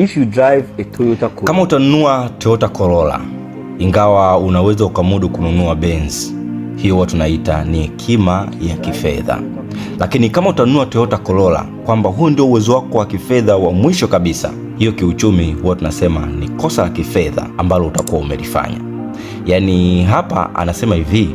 If you drive a Toyota Corolla, kama utanunua Toyota Corolla, ingawa unaweza ukamudu kununua Benz, hiyo huwa tunaita ni hekima ya kifedha. Lakini kama utanunua Toyota Corolla kwamba huu ndio uwezo wako wa kifedha wa mwisho kabisa, hiyo kiuchumi huwa tunasema ni kosa la kifedha ambalo utakuwa umelifanya. Yaani hapa anasema hivi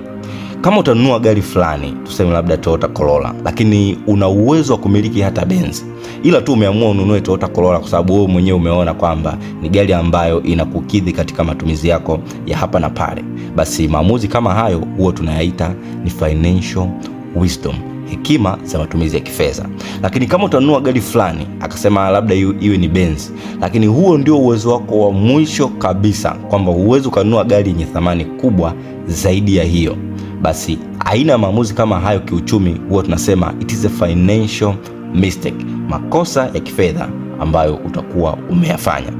kama utanunua gari fulani, tuseme labda Toyota Corolla, lakini una uwezo wa kumiliki hata Benz, ila tu umeamua ununue Toyota Corolla kwa sababu wewe mwenyewe umeona kwamba ni gari ambayo inakukidhi katika matumizi yako ya hapa na pale, basi maamuzi kama hayo huwa tunayaita ni financial wisdom hekima za matumizi ya kifedha. Lakini kama utanunua gari fulani, akasema labda iwe ni Benz, lakini huo ndio uwezo wako wa mwisho kabisa, kwamba huwezi ukanunua gari yenye thamani kubwa zaidi ya hiyo basi aina ya maamuzi kama hayo kiuchumi huwa tunasema it is a financial mistake, makosa ya kifedha ambayo utakuwa umeyafanya.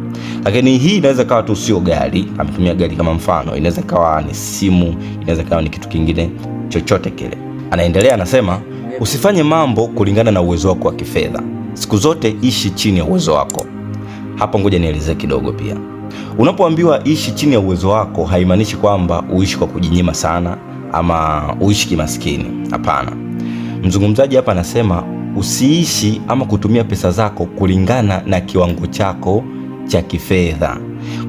Lakini hii inaweza kawa tu sio gari, ametumia gari kama mfano, inaweza ikawa ni simu, inaweza kawa ni kitu kingine chochote kile. Anaendelea anasema, usifanye mambo kulingana na uwezo wako wa kifedha, siku zote ishi chini ya uwezo wako. Hapo ngoja nielezee kidogo pia. Unapoambiwa ishi chini ya uwezo wako, haimaanishi kwamba uishi kwa kujinyima sana ama uishi kimaskini. Hapana, mzungumzaji hapa anasema usiishi ama kutumia pesa zako kulingana na kiwango chako cha kifedha,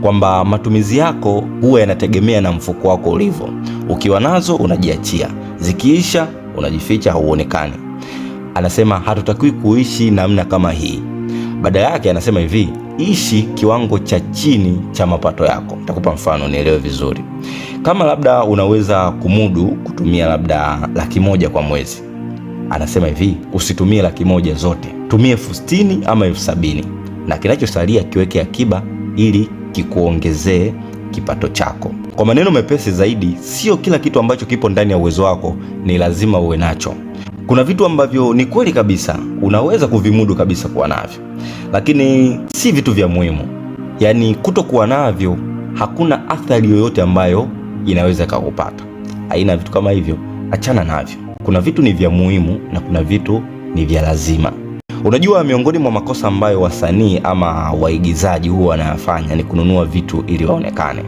kwamba matumizi yako huwa yanategemea na mfuko wako ulivyo. Ukiwa nazo unajiachia, zikiisha unajificha, hauonekani. Anasema hatutakiwi kuishi namna kama hii. Baada yake anasema hivi, ishi kiwango cha chini cha mapato yako. Nitakupa mfano nielewe vizuri. Kama labda unaweza kumudu kutumia labda laki moja kwa mwezi, anasema hivi, usitumie laki moja zote, tumie elfu sitini ama elfu sabini na kinachosalia kiweke akiba ili kikuongezee kipato chako. Kwa maneno mepesi zaidi, sio kila kitu ambacho kipo ndani ya uwezo wako ni lazima uwe nacho. Kuna vitu ambavyo ni kweli kabisa unaweza kuvimudu kabisa kuwa navyo, lakini si vitu vya muhimu. Yaani kutokuwa navyo hakuna athari yoyote ambayo inaweza ikakupata. aina vitu kama hivyo, achana navyo. Kuna vitu ni vya muhimu na kuna vitu ni vya lazima. Unajua, miongoni mwa makosa ambayo wasanii ama waigizaji huwa wanayafanya ni kununua vitu ili waonekane.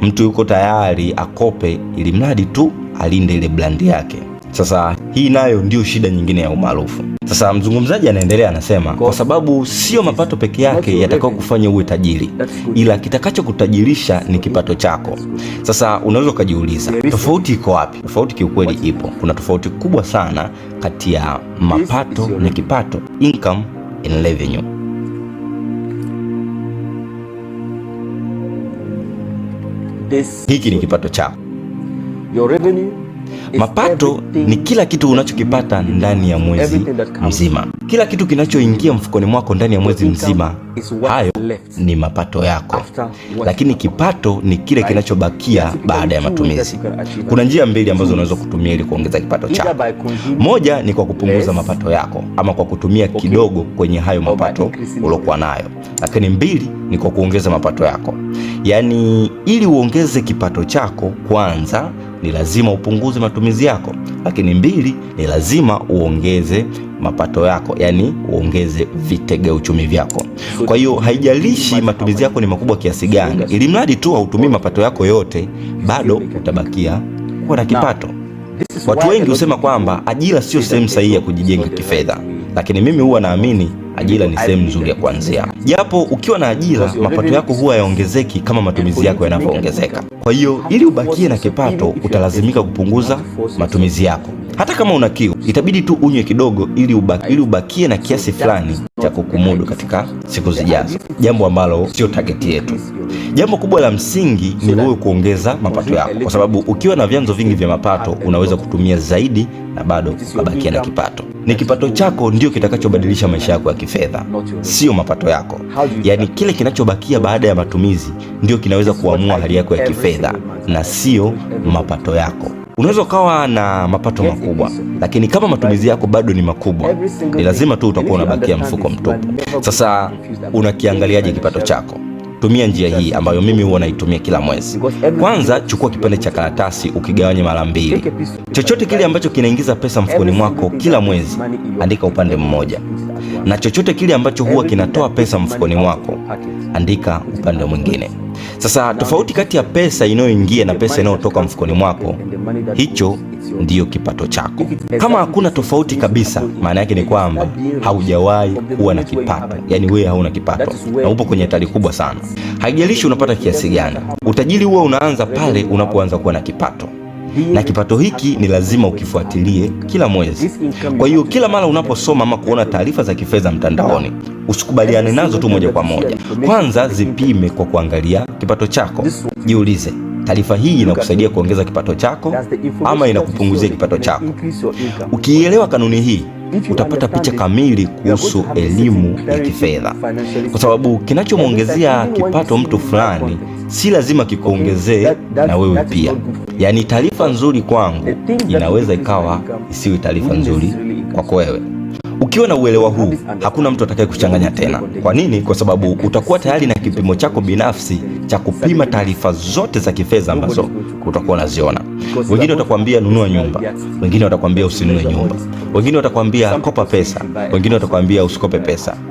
Mtu yuko tayari akope ili mradi tu alinde ile brandi yake. Sasa hii nayo ndiyo shida nyingine ya umaarufu. Sasa mzungumzaji anaendelea, anasema kwa sababu sio mapato peke yake yatakao kufanya uwe tajiri, ila kitakachokutajirisha ni kipato chako. Sasa unaweza ukajiuliza tofauti iko wapi? Tofauti kiukweli ipo, kuna tofauti kubwa sana kati ya mapato na kipato, income and revenue. Hiki ni kipato chako. Your revenue Mapato ni kila kitu unachokipata ndani ya mwezi mzima. Kila kitu kinachoingia mfukoni mwako ndani ya mwezi mzima, hayo ni mapato yako, lakini kipato ni kile kinachobakia baada ya matumizi. Kuna njia mbili ambazo unaweza kutumia ili kuongeza kipato chako. Moja ni kwa kupunguza mapato yako, ama kwa kutumia kidogo kwenye hayo mapato uliokuwa nayo, lakini mbili ni kwa kuongeza mapato yako. Yaani, ili uongeze kipato chako, kwanza ni lazima upunguze matumizi yako, lakini mbili, ni lazima uongeze mapato yako, yani uongeze vitega uchumi vyako. Kwa hiyo haijalishi matumizi yako ni makubwa kiasi gani, ili mradi tu hautumii mapato yako yote, bado utabakia kuwa na kipato. Watu wengi husema kwamba ajira sio sehemu sahihi ya kujijenga kifedha lakini mimi huwa naamini ajira ni sehemu nzuri ya kuanzia, japo ukiwa na ajira mapato yako huwa yaongezeki kama matumizi yako yanavyoongezeka. Kwa hiyo ili ubakie na kipato, utalazimika kupunguza matumizi yako. Hata kama una kiu, itabidi tu unywe kidogo ili ubaki, ili ubakie na kiasi fulani cha kukumudu katika siku zijazo, jambo ambalo sio tageti yetu. Jambo kubwa la msingi ni wewe kuongeza mapato yako, kwa sababu ukiwa na vyanzo vingi vya mapato unaweza kutumia zaidi na bado ukabakia na kipato. Ni kipato chako ndio kitakachobadilisha maisha yako ya kifedha, sio mapato yako. Yaani kile kinachobakia baada ya matumizi ndio kinaweza kuamua hali yako ya kifedha na sio mapato yako. Unaweza ukawa na mapato makubwa, lakini kama matumizi yako bado ni makubwa, ni lazima tu utakuwa unabakia mfuko mtupu. Sasa unakiangaliaje kipato chako? Tumia njia hii ambayo mimi huwa naitumia kila mwezi. Kwanza chukua kipande cha karatasi ukigawanye mara mbili. Chochote kile ambacho kinaingiza pesa mfukoni mwako kila mwezi, andika upande mmoja, na chochote kile ambacho huwa kinatoa pesa mfukoni mwako, andika upande mwingine. Sasa tofauti kati ya pesa inayoingia na pesa inayotoka mfukoni mwako, hicho ndiyo kipato chako. Kama hakuna tofauti kabisa, maana yake ni kwamba haujawahi kuwa na kipato, yaani wewe hauna kipato na upo kwenye hatari kubwa sana. Haijalishi unapata kiasi gani, utajiri huwa unaanza pale unapoanza kuwa na kipato na kipato hiki ni lazima ukifuatilie kila mwezi. Kwa hiyo kila mara unaposoma ama kuona taarifa za kifedha mtandaoni, usikubaliane nazo tu moja kwa moja. Kwanza zipime kwa kuangalia kipato chako. Jiulize, taarifa hii inakusaidia kuongeza kipato chako ama inakupunguzia kipato chako? Ukiielewa kanuni hii utapata picha kamili kuhusu elimu ya kifedha, kwa sababu kinachomwongezea kipato mtu fulani si lazima kikuongezee na wewe pia. Yaani, taarifa nzuri kwangu inaweza ikawa isiwe taarifa nzuri kwako wewe. Ukiwa na uelewa huu, hakuna mtu atakaye kuchanganya tena. Kwa nini? Kwa sababu utakuwa tayari na kipimo chako binafsi cha kupima taarifa zote za kifedha ambazo utakuwa unaziona. Wengine watakwambia nunua nyumba, wengine watakwambia usinunue nyumba, wengine watakwambia kopa pesa, wengine watakwambia usikope pesa.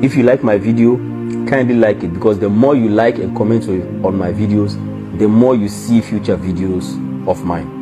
If you like my video, kindly like it because the more you like and comment on my videos, the more you see future videos of mine.